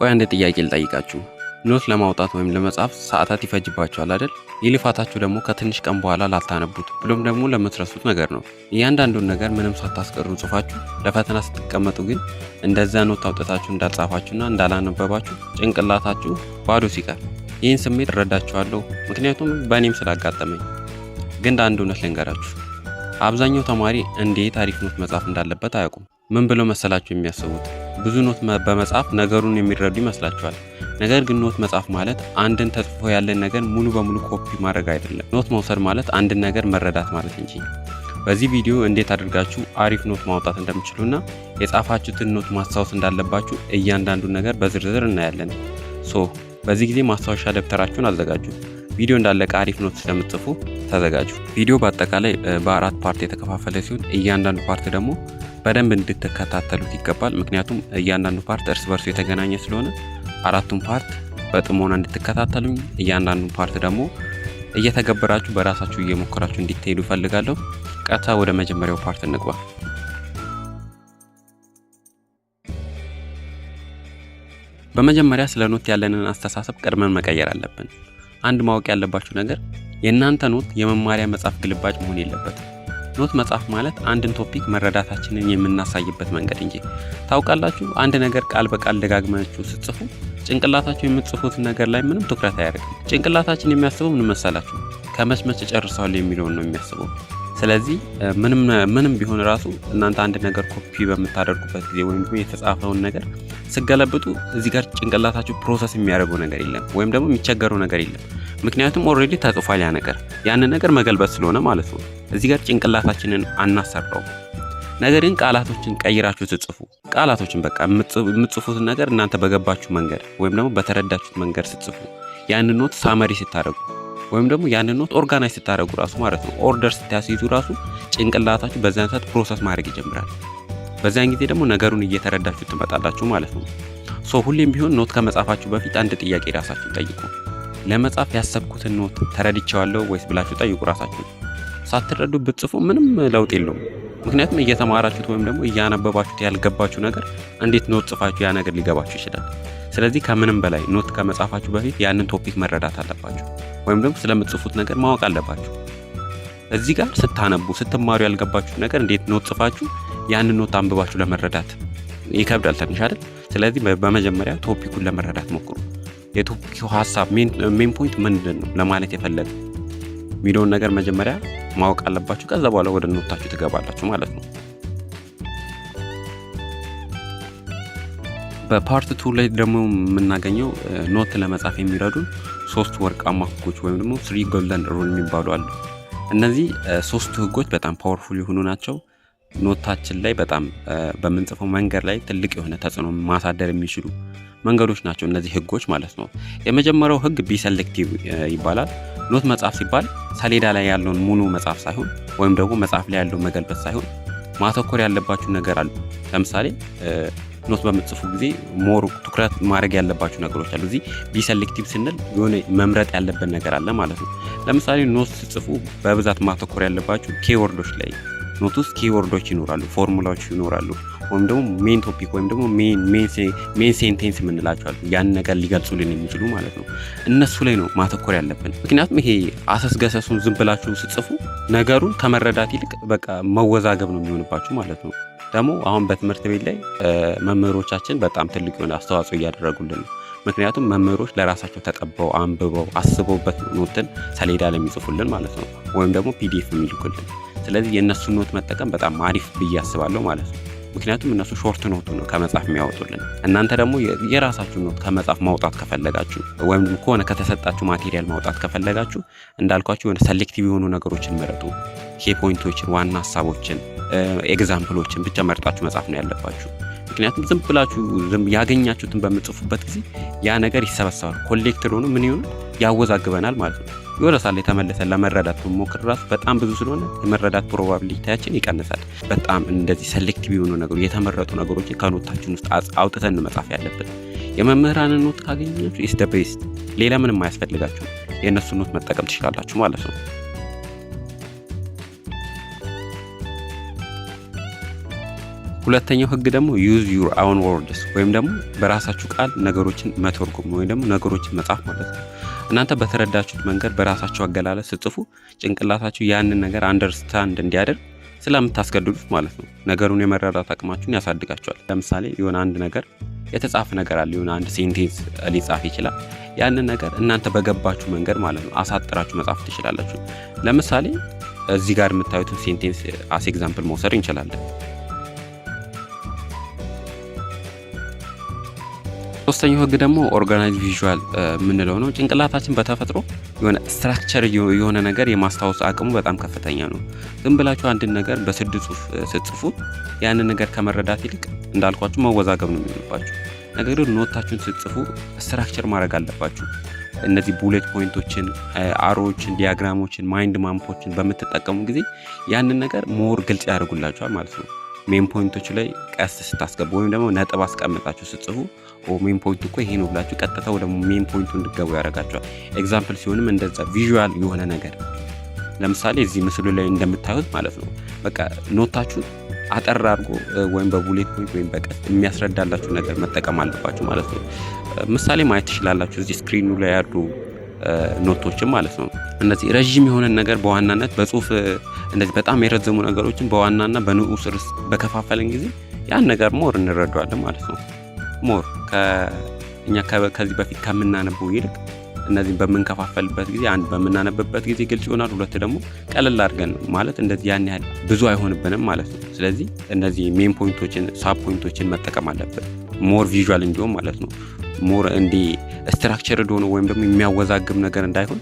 ቆይ አንድ ጥያቄ ልጠይቃችሁ። ኖት ለማውጣት ወይም ለመጻፍ ሰዓታት ይፈጅባችኋል አይደል? ይህ ልፋታችሁ ደግሞ ከትንሽ ቀን በኋላ ላልታነቡት ብሎም ደግሞ ለምትረሱት ነገር ነው። እያንዳንዱን ነገር ምንም ሳታስቀሩ ጽፋችሁ ለፈተና ስትቀመጡ ግን እንደዚያ ኖት አውጥታችሁ እንዳልጻፋችሁና እንዳላነበባችሁ ጭንቅላታችሁ ባዶ ሲቀር ይህን ስሜት እረዳችኋለሁ፣ ምክንያቱም በእኔም ስላጋጠመኝ። ግን አንድ እውነት ልንገራችሁ፣ አብዛኛው ተማሪ እንዴት አሪፍ ኖት መጻፍ እንዳለበት አያውቁም። ምን ብለው መሰላችሁ የሚያስቡት ብዙ ኖት በመጻፍ ነገሩን የሚረዱ ይመስላቸዋል። ነገር ግን ኖት መጻፍ ማለት አንድን ተጽፎ ያለን ነገር ሙሉ በሙሉ ኮፒ ማድረግ አይደለም። ኖት መውሰድ ማለት አንድን ነገር መረዳት ማለት እንጂ። በዚህ ቪዲዮ እንዴት አድርጋችሁ አሪፍ ኖት ማውጣት እንደምችሉና የጻፋችሁትን ኖት ማስታወስ እንዳለባችሁ እያንዳንዱን ነገር በዝርዝር እናያለን። ሶ በዚህ ጊዜ ማስታወሻ ደብተራችሁን አዘጋጁ። ቪዲዮ እንዳለቀ አሪፍ ኖት ስለምትጽፉ ተዘጋጁ። ቪዲዮ በአጠቃላይ በአራት ፓርት የተከፋፈለ ሲሆን እያንዳንዱ ፓርት ደግሞ በደንብ እንድትከታተሉት ይገባል። ምክንያቱም እያንዳንዱ ፓርት እርስ በርሱ የተገናኘ ስለሆነ አራቱም ፓርት በጥሞና እንድትከታተሉኝ፣ እያንዳንዱ ፓርት ደግሞ እየተገበራችሁ በራሳችሁ እየሞከራችሁ እንዲትሄዱ እፈልጋለሁ። ቀጥታ ወደ መጀመሪያው ፓርት እንግባ። በመጀመሪያ ስለ ኖት ያለንን አስተሳሰብ ቀድመን መቀየር አለብን። አንድ ማወቅ ያለባችሁ ነገር የእናንተ ኖት የመማሪያ መጽሐፍ ግልባጭ መሆን የለበትም። ኖት መጻፍ ማለት አንድን ቶፒክ መረዳታችንን የምናሳይበት መንገድ እንጂ ታውቃላችሁ፣ አንድ ነገር ቃል በቃል ደጋግማችሁ ስትጽፉ ጭንቅላታችሁ የምትጽፉት ነገር ላይ ምንም ትኩረት አያደርግም። ጭንቅላታችን የሚያስበው ምን መሰላችሁ? ከመችመች ጨርሰዋል የሚለውን ነው የሚያስበው። ስለዚህ ምንም ቢሆን ራሱ እናንተ አንድ ነገር ኮፒ በምታደርጉበት ጊዜ ወይም ደግሞ የተጻፈውን ነገር ስገለብጡ እዚህ ጋር ጭንቅላታችሁ ፕሮሰስ የሚያደርገው ነገር የለም ወይም ደግሞ የሚቸገረው ነገር የለም። ምክንያቱም ኦልሬዲ ተጽፏል ያ ነገር ያንን ነገር መገልበጥ ስለሆነ ማለት ነው። እዚህ ጋር ጭንቅላታችንን አናሰራውም። ነገር ግን ቃላቶችን ቀይራችሁ ስጽፉ ቃላቶችን በቃ የምጽፉትን ነገር እናንተ በገባችሁ መንገድ ወይም ደግሞ በተረዳችሁት መንገድ ስጽፉ ያን ኖት ሳመሪ ስታደርጉ ወይም ደግሞ ያን ኖት ኦርጋናይዝ ስታደረጉ ራሱ ማለት ነው ኦርደር ስታስይዙ ራሱ ጭንቅላታችሁ በዚያን ሰት ፕሮሰስ ማድረግ ይጀምራል። በዚያን ጊዜ ደግሞ ነገሩን እየተረዳችሁ ትመጣላችሁ ማለት ነው። ሶ ሁሌም ቢሆን ኖት ከመጻፋችሁ በፊት አንድ ጥያቄ ራሳችሁ ጠይቁ። ለመጻፍ ያሰብኩትን ኖት ተረድቼዋለሁ ወይስ ብላችሁ ጠይቁ ራሳችሁ። ሳትረዱ ብትጽፉ ምንም ለውጥ የለውም። ምክንያቱም እየተማራችሁት ወይም ደግሞ እያነበባችሁት ያልገባችሁ ነገር እንዴት ኖት ጽፋችሁ ያ ነገር ሊገባችሁ ይችላል። ስለዚህ ከምንም በላይ ኖት ከመጻፋችሁ በፊት ያንን ቶፒክ መረዳት አለባችሁ፣ ወይም ደግሞ ስለምትጽፉት ነገር ማወቅ አለባችሁ። እዚህ ጋር ስታነቡ ስትማሩ ያልገባችሁት ነገር እንዴት ኖት ጽፋችሁ ያንን ኖት አንብባችሁ ለመረዳት ይከብዳል ትንሽ አይደል? ስለዚህ በመጀመሪያ ቶፒኩን ለመረዳት ሞክሩ። የቶኪዮ ሀሳብ ሜን ፖይንት ምንድን ነው ለማለት የፈለገ የሚለውን ነገር መጀመሪያ ማወቅ አለባችሁ። ከዛ በኋላ ወደ ኖታችሁ ትገባላችሁ ማለት ነው። በፓርት ቱ ላይ ደግሞ የምናገኘው ኖት ለመጻፍ የሚረዱ ሶስት ወርቃማ ህጎች ወይም ደግሞ ስሪ ጎልደን ሩል የሚባሉ አሉ። እነዚህ ሶስቱ ህጎች በጣም ፓወርፉል የሆኑ ናቸው። ኖታችን ላይ በጣም በምንጽፈው መንገድ ላይ ትልቅ የሆነ ተጽዕኖ ማሳደር የሚችሉ መንገዶች ናቸው እነዚህ ህጎች ማለት ነው። የመጀመሪያው ህግ ቢሰሌክቲቭ ይባላል። ኖት መጽሐፍ ሲባል ሰሌዳ ላይ ያለውን ሙሉ መጽሐፍ ሳይሆን ወይም ደግሞ መጽሐፍ ላይ ያለውን መገልበት ሳይሆን ማተኮር ያለባችሁ ነገር አሉ። ለምሳሌ ኖት በምጽፉ ጊዜ ሞር ትኩረት ማድረግ ያለባችሁ ነገሮች አሉ። እዚህ ቢሰሌክቲቭ ስንል የሆነ መምረጥ ያለበት ነገር አለ ማለት ነው። ለምሳሌ ኖት ስጽፉ በብዛት ማተኮር ያለባችሁ ኬወርዶች ላይ ኖት ውስጥ ኬወርዶች ይኖራሉ፣ ፎርሙላዎች ይኖራሉ፣ ወይም ደግሞ ሜን ቶፒክ ወይም ደግሞ ሜን ሴንቴንስ የምንላቸዋል ያን ነገር ሊገልጹልን የሚችሉ ማለት ነው። እነሱ ላይ ነው ማተኮር ያለብን። ምክንያቱም ይሄ አሰስገሰሱን ገሰሱን ዝም ብላችሁ ስጽፉ ነገሩን ከመረዳት ይልቅ በቃ መወዛገብ ነው የሚሆንባችሁ ማለት ነው። ደግሞ አሁን በትምህርት ቤት ላይ መምህሮቻችን በጣም ትልቅ የሆነ አስተዋጽኦ እያደረጉልን ነው። ምክንያቱም መምህሮች ለራሳቸው ተጠበው አንብበው አስበውበት ኖትን ሰሌዳ ላይ የሚጽፉልን ማለት ነው፣ ወይም ደግሞ ፒዲኤፍ የሚልኩልን። ስለዚህ የእነሱን ኖት መጠቀም በጣም አሪፍ ብዬ አስባለሁ ማለት ነው። ምክንያቱም እነሱ ሾርት ኖቱ ነው ከመጽሐፍ የሚያወጡልን። እናንተ ደግሞ የራሳችሁ ኖት ከመጽሐፍ ማውጣት ከፈለጋችሁ ወይም ከሆነ ከተሰጣችሁ ማቴሪያል ማውጣት ከፈለጋችሁ እንዳልኳችሁ የሆነ ሰሌክቲቭ የሆኑ ነገሮችን መረጡ። ኬ ፖይንቶችን፣ ዋና ሀሳቦችን፣ ኤግዛምፕሎችን ብቻ መርጣችሁ መጻፍ ነው ያለባችሁ። ምክንያቱም ዝም ብላችሁ ያገኛችሁትን በምጽፉበት ጊዜ ያ ነገር ይሰበሰባል። ኮሌክትር ሆኑ ምን ይሆኑ ያወዛግበናል ማለት ነው። የሆነ ሳለ የተመለሰን ለመረዳት ብሞክር ራሱ በጣም ብዙ ስለሆነ የመረዳት ፕሮባብሊቲያችን ይቀንሳል። በጣም እንደዚህ ሰሌክቲቭ የሆኑ ነገሮች የተመረጡ ነገሮች ከኖታችን ውስጥ አውጥተን መጻፍ ያለብን። የመምህራንን ኖት ካገኛችሁ ኢስ ደ ቤስት፣ ሌላ ምንም አያስፈልጋችሁ። የእነሱ ኖት መጠቀም ትችላላችሁ ማለት ነው። ሁለተኛው ህግ ደግሞ ዩዝ ዩር አውን ወርድስ ወይም ደግሞ በራሳችሁ ቃል ነገሮችን መተርጎም ወይም ደግሞ ነገሮችን መጻፍ ማለት ነው። እናንተ በተረዳችሁት መንገድ በራሳችሁ አገላለጽ ስጽፉ ጭንቅላታችሁ ያንን ነገር አንደርስታንድ እንዲያደርግ ስለምታስገድዱት ማለት ነው ነገሩን የመረዳት አቅማችሁን ያሳድጋቸዋል። ለምሳሌ የሆነ አንድ ነገር የተጻፈ ነገር አለ። የሆነ አንድ ሴንቴንስ ሊጻፍ ይችላል። ያንን ነገር እናንተ በገባችሁ መንገድ ማለት ነው አሳጥራችሁ መጻፍ ትችላላችሁ። ለምሳሌ እዚህ ጋር የምታዩትን ሴንቴንስ አስ ኤግዛምፕል መውሰድ እንችላለን። ሶስተኛው ህግ ደግሞ ኦርጋናይዝ ቪዥዋል የምንለው ነው። ጭንቅላታችን በተፈጥሮ የሆነ ስትራክቸር የሆነ ነገር የማስታወስ አቅሙ በጣም ከፍተኛ ነው። ዝም ብላችሁ አንድን ነገር በስድ ጽሁፍ ስትጽፉ ያንን ነገር ከመረዳት ይልቅ እንዳልኳችሁ መወዛገብ ነው የሚሆንባችሁ። ነገር ግን ኖታችሁን ስትጽፉ ስትራክቸር ማድረግ አለባችሁ። እነዚህ ቡሌት ፖይንቶችን፣ አሮዎችን፣ ዲያግራሞችን፣ ማይንድ ማምፖችን በምትጠቀሙ ጊዜ ያንን ነገር ሞር ግልጽ ያደርጉላችኋል ማለት ነው። ሜን ፖይንቶች ላይ ቀስት ስታስገቡ ወይም ደግሞ ነጥብ አስቀምጣችሁ ስጽፉ ሜን ፖይንቱ እኮ ይሄ ነው ብላችሁ ቀጥታ ደግሞ ሜን ፖይንቱ እንድገቡ ያደርጋቸዋል። ኤግዛምፕል ሲሆንም እንደዛ ቪዥዋል የሆነ ነገር ለምሳሌ እዚህ ምስሉ ላይ እንደምታዩት ማለት ነው። በቃ ኖታችሁ አጠር አድርጎ ወይም በቡሌት ፖይንት ወይም በቀስት የሚያስረዳላችሁ ነገር መጠቀም አለባችሁ ማለት ነው። ምሳሌ ማየት ትችላላችሁ። እዚህ ስክሪኑ ላይ ያሉ ኖቶችም ማለት ነው። እነዚህ ረዥም የሆነ ነገር በዋናነት በጽሁፍ እንደዚህ በጣም የረዘሙ ነገሮችን በዋናና በንዑስ ርዕስ በከፋፈልን ጊዜ ያን ነገር ሞር እንረዳዋለን ማለት ነው። ሞር እኛ ከዚህ በፊት ከምናነበው ይልቅ እነዚህ በምንከፋፈልበት ጊዜ አንድ በምናነብበት ጊዜ ግልጽ ይሆናል። ሁለት ደግሞ ቀለል አድርገን ማለት እንደዚህ ያን ያህል ብዙ አይሆንብንም ማለት ነው። ስለዚህ እነዚህ ሜን ፖይንቶችን ሳብ ፖይንቶችን መጠቀም አለብን ሞር ቪዥዋል እንዲሁም ማለት ነው። ሞር እንዲህ ስትራክቸርድ ሆኖ ወይም ደግሞ የሚያወዛግብ ነገር እንዳይሆን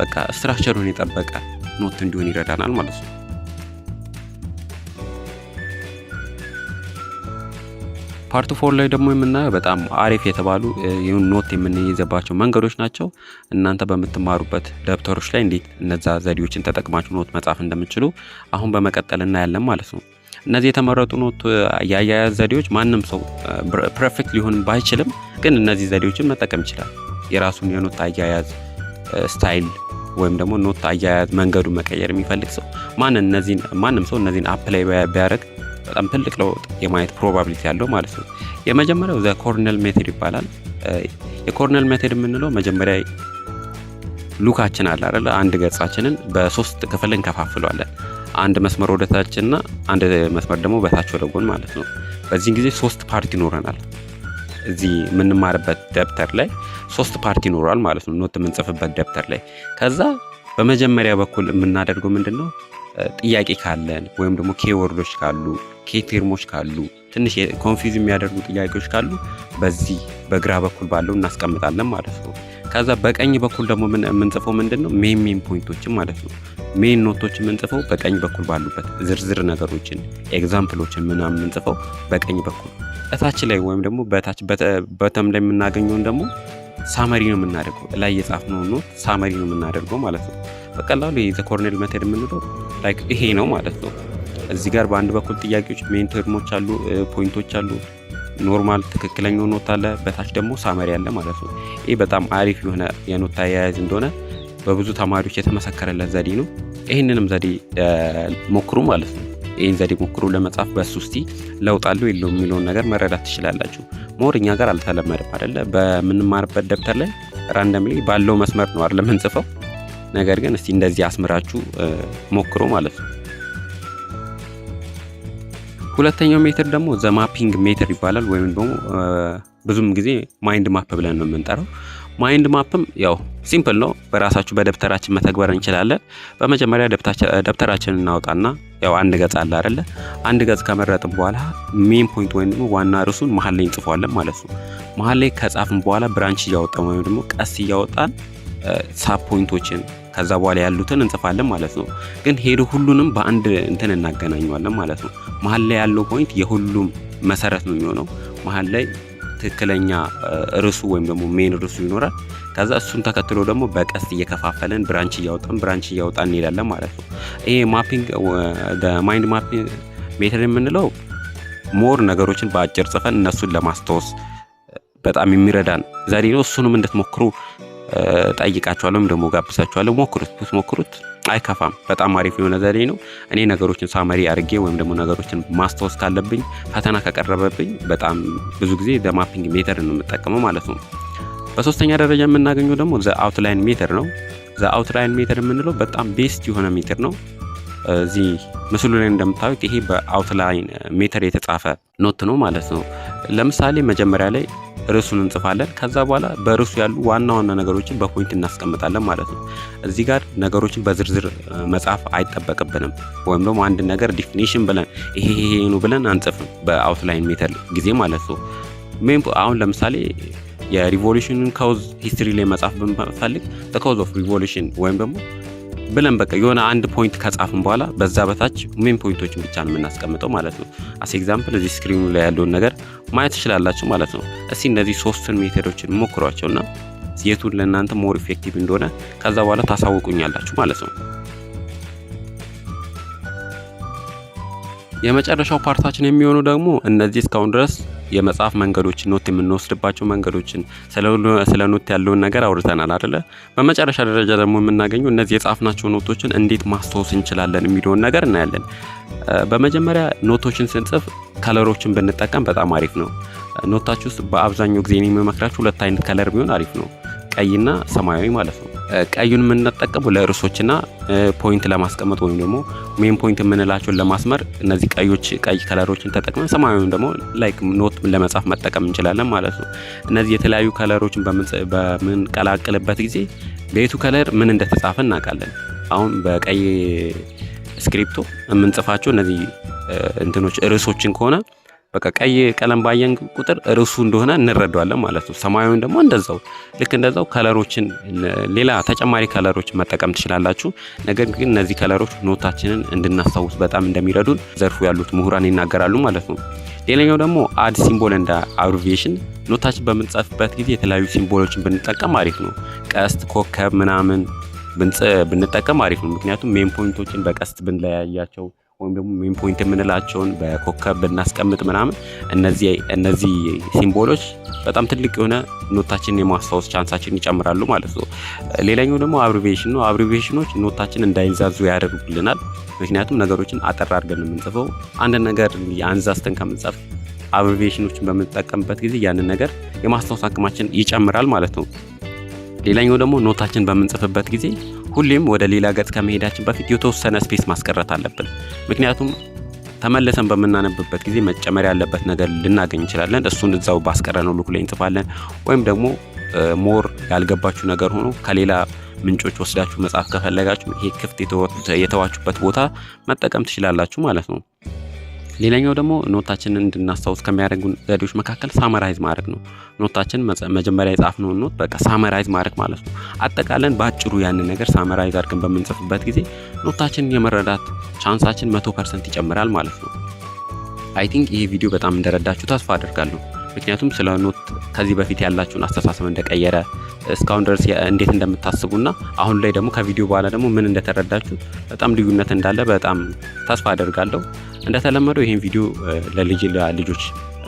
በቃ ስትራክቸሩን የጠበቀ ኖት እንዲሆን ይረዳናል ማለት ነው። ፓርት ፎር ላይ ደግሞ የምናየው በጣም አሪፍ የተባሉ ይሁን ኖት የምንይዘባቸው መንገዶች ናቸው። እናንተ በምትማሩበት ደብተሮች ላይ እንዴት እነዛ ዘዴዎችን ተጠቅማችሁ ኖት መጻፍ እንደምችሉ አሁን በመቀጠል እናያለን ማለት ነው። እነዚህ የተመረጡ ኖት የአያያዝ ዘዴዎች ማንም ሰው ፐርፌክት ሊሆን ባይችልም ግን እነዚህ ዘዴዎችን መጠቀም ይችላል። የራሱን የኖት አያያዝ ስታይል ወይም ደግሞ ኖት አያያዝ መንገዱ መቀየር የሚፈልግ ሰው ማንም ሰው እነዚህን አፕላይ ቢያደረግ በጣም ትልቅ ለውጥ የማየት ፕሮባብሊቲ ያለው ማለት ነው። የመጀመሪያው ዘ ኮርኔል ሜቴድ ይባላል። የኮርኔል ሜቴድ የምንለው መጀመሪያ ሉካችን አለ አንድ ገጻችንን በሶስት ክፍል እንከፋፍለዋለን። አንድ መስመር ወደ እና አንድ መስመር ደግሞ በታች ወደ ጎን ማለት ነው። በዚህን ጊዜ ሶስት ፓርት ይኖረናል። እዚህ የምንማርበት ደብተር ላይ ሶስት ፓርት ይኖራል ማለት ነው። ኖት የምንጽፍበት ደብተር ላይ ከዛ በመጀመሪያ በኩል የምናደርገው ምንድን ነው? ጥያቄ ካለን ወይም ደግሞ ኬወርዶች ካሉ ኬቴርሞች ካሉ ትንሽ ኮንፊዝ የሚያደርጉ ጥያቄዎች ካሉ በዚህ በግራ በኩል ባለው እናስቀምጣለን ማለት ነው። ከዛ በቀኝ በኩል ደግሞ የምንጽፈው ምንድን ነው? ሜን ሜን ፖይንቶችን ማለት ነው። ሜን ኖቶች የምንጽፈው በቀኝ በኩል ባሉበት ዝርዝር ነገሮችን ኤግዛምፕሎችን ምናምን የምንጽፈው በቀኝ በኩል እታች ላይ ወይም ደግሞ በታች በተም ላይ የምናገኘውን ደግሞ ሳመሪ ነው የምናደርገው። ላይ የጻፍነው ኖት ሳመሪ ነው የምናደርገው ማለት ነው። በቀላሉ ዘ ኮርኔል መተድ የምንለው ላይክ ይሄ ነው ማለት ነው። እዚህ ጋር በአንድ በኩል ጥያቄዎች ሜን ተርሞች አሉ፣ ፖይንቶች eh, አሉ ኖርማል ትክክለኛው ኖት አለ፣ በታች ደግሞ ሳመሪ አለ ማለት ነው። ይህ በጣም አሪፍ የሆነ የኖት አያያዝ እንደሆነ በብዙ ተማሪዎች የተመሰከረለት ዘዴ ነው። ይህንንም ዘዴ ሞክሩ ማለት ነው። ይህን ዘዴ ሞክሩ ለመጻፍ በሱ ውስጥ ለውጥ አለው የለው የሚለውን ነገር መረዳት ትችላላችሁ። ሞር እኛ ጋር አልተለመደም አይደለ? በምንማርበት ደብተር ላይ ራንደም ባለው መስመር ነው አይደለ የምንጽፈው ነገር ግን እስቲ እንደዚህ አስምራችሁ ሞክሩ ማለት ነው። ሁለተኛው ሜትር ደግሞ ዘማፒንግ ሜትር ይባላል። ወይም ደግሞ ብዙም ጊዜ ማይንድ ማፕ ብለን ነው የምንጠራው። ማይንድ ማፕም ያው ሲምፕል ነው። በራሳችሁ በደብተራችን መተግበር እንችላለን። በመጀመሪያ ደብተራችንን እናውጣና ያው አንድ ገጽ አለ አይደለ? አንድ ገጽ ከመረጥን በኋላ ሜን ፖይንት ወይም ደግሞ ዋና ርዕሱን መሀል ላይ እንጽፏለን ማለት ነው። መሀል ላይ ከጻፍን በኋላ ብራንች እያወጣን ወይም ደግሞ ቀስ እያወጣን ሳብ ፖይንቶችን ከዛ በኋላ ያሉትን እንጽፋለን ማለት ነው። ግን ሄዶ ሁሉንም በአንድ እንትን እናገናኘዋለን ማለት ነው። መሀል ላይ ያለው ፖይንት የሁሉም መሰረት ነው የሚሆነው። መሀል ላይ ትክክለኛ ርዕሱ ወይም ደግሞ ሜን ርዕሱ ይኖራል። ከዛ እሱን ተከትሎ ደግሞ በቀስት እየከፋፈለን ብራንች እያወጣን ብራንች እያወጣን እንሄዳለን ማለት ነው። ይሄ ማፒንግ ማይንድ ማፒንግ ሜተድ የምንለው ሞር ነገሮችን በአጭር ጽፈን እነሱን ለማስታወስ በጣም የሚረዳን ዘዴ ነው። እሱንም እንድትሞክሩ ጠይቃችኋለሁ ደግሞ ጋብዛችኋለሁ። ሞክሩት፣ ብትሞክሩት አይከፋም። በጣም አሪፍ የሆነ ዘዴ ነው። እኔ ነገሮችን ሳመሪ አድርጌ ወይም ደግሞ ነገሮችን ማስታወስ ካለብኝ ፈተና ከቀረበብኝ በጣም ብዙ ጊዜ ማፒንግ ሜተር ነው የምጠቀመው ማለት ነው። በሶስተኛ ደረጃ የምናገኘው ደግሞ ዘ አውትላይን ሜተር ነው። ዘ አውትላይን ሜተር የምንለው በጣም ቤስት የሆነ ሜትር ነው። እዚህ ምስሉ ላይ እንደምታዩት ይሄ በአውትላይን ሜተር የተጻፈ ኖት ነው ማለት ነው። ለምሳሌ መጀመሪያ ላይ ርዕሱን እንጽፋለን። ከዛ በኋላ በርዕሱ ያሉ ዋና ዋና ነገሮችን በፖይንት እናስቀምጣለን ማለት ነው። እዚህ ጋር ነገሮችን በዝርዝር መጻፍ አይጠበቅብንም። ወይም ደግሞ አንድ ነገር ዲፊኒሽን ብለን ይሄ ይሄ ነው ብለን አንጽፍም በአውትላይን ሜተር ጊዜ ማለት ነው። አሁን ለምሳሌ የሪቮሉሽንን ካውዝ ሂስትሪ ላይ መጻፍ ብንፈልግ ካውዝ ኦፍ ሪቮሉሽን ወይም ደግሞ ብለን በቃ የሆነ አንድ ፖይንት ከጻፍን በኋላ በዛ በታች ሜን ፖይንቶችን ብቻ ነው የምናስቀምጠው ማለት ነው። አስ ኤግዛምፕል እዚህ ስክሪኑ ላይ ያለውን ነገር ማየት ትችላላችሁ ማለት ነው። እስቲ እነዚህ ሶስቱን ሜተዶችን ሞክሯቸውና የቱን ለእናንተ ሞር ኢፌክቲቭ እንደሆነ ከዛ በኋላ ታሳውቁኛላችሁ ማለት ነው። የመጨረሻው ፓርታችን የሚሆኑ ደግሞ እነዚህ እስካሁን ድረስ የመጽሐፍ መንገዶችን ኖት የምንወስድባቸው መንገዶችን ስለ ኖት ያለውን ነገር አውርተናል አደለ። በመጨረሻ ደረጃ ደግሞ የምናገኘው እነዚህ የጻፍናቸው ኖቶችን እንዴት ማስታወስ እንችላለን የሚለውን ነገር እናያለን። በመጀመሪያ ኖቶችን ስንጽፍ ከለሮችን ብንጠቀም በጣም አሪፍ ነው። ኖታችሁ ውስጥ በአብዛኛው ጊዜ የሚመክራችሁ ሁለት አይነት ከለር ቢሆን አሪፍ ነው፣ ቀይና ሰማያዊ ማለት ነው። ቀዩን የምንጠቀመው ለርዕሶችና ፖይንት ለማስቀመጥ ወይም ደግሞ ሜን ፖይንት የምንላቸውን ለማስመር እነዚህ ቀዮች ቀይ ከለሮችን ተጠቅመን፣ ሰማያዊም ደግሞ ላይክ ኖት ለመጻፍ መጠቀም እንችላለን ማለት ነው። እነዚህ የተለያዩ ከለሮችን በምንቀላቅልበት ጊዜ በየቱ ከለር ምን እንደተጻፈ እናውቃለን። አሁን በቀይ ስክሪፕቶ የምንጽፋቸው እነዚህ እንትኖች ርዕሶችን ከሆነ በቃ ቀይ ቀለም ባየን ቁጥር ርዕሱ እንደሆነ እንረዳዋለን ማለት ነው። ሰማያዊን ደግሞ እንደዛው ልክ እንደዛው ከለሮችን ሌላ ተጨማሪ ከለሮች መጠቀም ትችላላችሁ። ነገር ግን እነዚህ ከለሮች ኖታችንን እንድናስታውስ በጣም እንደሚረዱን ዘርፉ ያሉት ምሁራን ይናገራሉ ማለት ነው። ሌላኛው ደግሞ አድ ሲምቦል እንደ አብሪቪዬሽን ኖታችን በምንጸፍበት ጊዜ የተለያዩ ሲምቦሎችን ብንጠቀም አሪፍ ነው። ቀስት፣ ኮከብ ምናምን ብንጠቀም አሪፍ ነው። ምክንያቱም ሜን ፖይንቶችን በቀስት ብንለያያቸው ወይም ደግሞ ሜን ፖይንት የምንላቸውን በኮከብ ብናስቀምጥ ምናምን እነዚህ ሲምቦሎች በጣም ትልቅ የሆነ ኖታችንን የማስታወስ ቻንሳችን ይጨምራሉ ማለት ነው። ሌላኛው ደግሞ አብሪቬሽን ነው። አብሪቬሽኖች ኖታችን እንዳይንዛዙ ያደርጉልናል። ምክንያቱም ነገሮችን አጠር አድርገን የምንጽፈው አንድ ነገር አንዛዝተን ከምንጽፍ አብሪቬሽኖችን በምንጠቀምበት ጊዜ ያንን ነገር የማስታወስ አቅማችን ይጨምራል ማለት ነው። ሌላኛው ደግሞ ኖታችን በምንጽፍበት ጊዜ ሁሌም ወደ ሌላ ገጽ ከመሄዳችን በፊት የተወሰነ ስፔስ ማስቀረት አለብን። ምክንያቱም ተመለሰን በምናነብበት ጊዜ መጨመር ያለበት ነገር ልናገኝ እንችላለን። እሱን እዛው ባስቀረነው ልኩ ላይ እንጽፋለን። ወይም ደግሞ ሞር ያልገባችሁ ነገር ሆኖ ከሌላ ምንጮች ወስዳችሁ መጽሐፍ ከፈለጋችሁ ይሄ ክፍት የተዋችሁበት ቦታ መጠቀም ትችላላችሁ ማለት ነው። ሌላኛው ደግሞ ኖታችንን እንድናስታውስ ከሚያደርጉን ዘዴዎች መካከል ሳመራይዝ ማድረግ ነው። ኖታችን መጀመሪያ የጻፍነውን ኖት በቃ ሳመራይዝ ማድረግ ማለት ነው። አጠቃለን በአጭሩ ያንን ነገር ሳመራይዝ አድርገን በምንጽፍበት ጊዜ ኖታችንን የመረዳት ቻንሳችን መቶ ፐርሰንት ይጨምራል ማለት ነው። አይ ቲንክ ይህ ቪዲዮ በጣም እንደረዳችሁ ተስፋ አደርጋለሁ። ምክንያቱም ስለ ኖት ከዚህ በፊት ያላችሁን አስተሳሰብ እንደቀየረ እስካሁን ድረስ እንዴት እንደምታስቡና አሁን ላይ ደግሞ ከቪዲዮ በኋላ ደግሞ ምን እንደተረዳችሁ በጣም ልዩነት እንዳለ በጣም ተስፋ አደርጋለሁ። እንደተለመደው ይህን ቪዲዮ ለልጅ ልጆች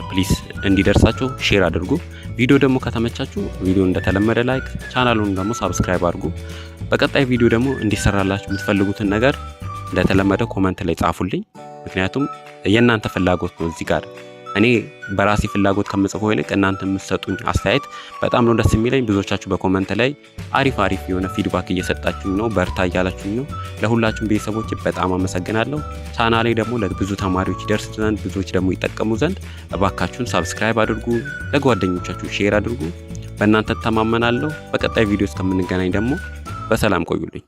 ፕሊስ እንዲደርሳችሁ ሼር አድርጉ። ቪዲዮ ደግሞ ከተመቻችሁ ቪዲዮ እንደተለመደ ላይክ፣ ቻናሉን ደግሞ ሳብስክራይብ አድርጉ። በቀጣይ ቪዲዮ ደግሞ እንዲሰራላችሁ የምትፈልጉትን ነገር እንደተለመደ ኮመንት ላይ ጻፉልኝ። ምክንያቱም የእናንተ ፍላጎት ነው እዚህ ጋር እኔ በራሴ ፍላጎት ከምጽፈው ይልቅ እናንተ የምትሰጡኝ አስተያየት በጣም ነው ደስ የሚለኝ። ብዙዎቻችሁ በኮመንት ላይ አሪፍ አሪፍ የሆነ ፊድባክ እየሰጣችሁኝ ነው፣ በርታ እያላችሁኝ ነው። ለሁላችሁም ቤተሰቦች በጣም አመሰግናለሁ። ቻና ላይ ደግሞ ለብዙ ተማሪዎች ይደርስ ዘንድ ብዙዎች ደግሞ ይጠቀሙ ዘንድ እባካችሁን ሳብስክራይብ አድርጉ፣ ለጓደኞቻችሁ ሼር አድርጉ። በእናንተ ተማመናለሁ። በቀጣይ ቪዲዮ እስከምንገናኝ ደግሞ በሰላም ቆዩልኝ።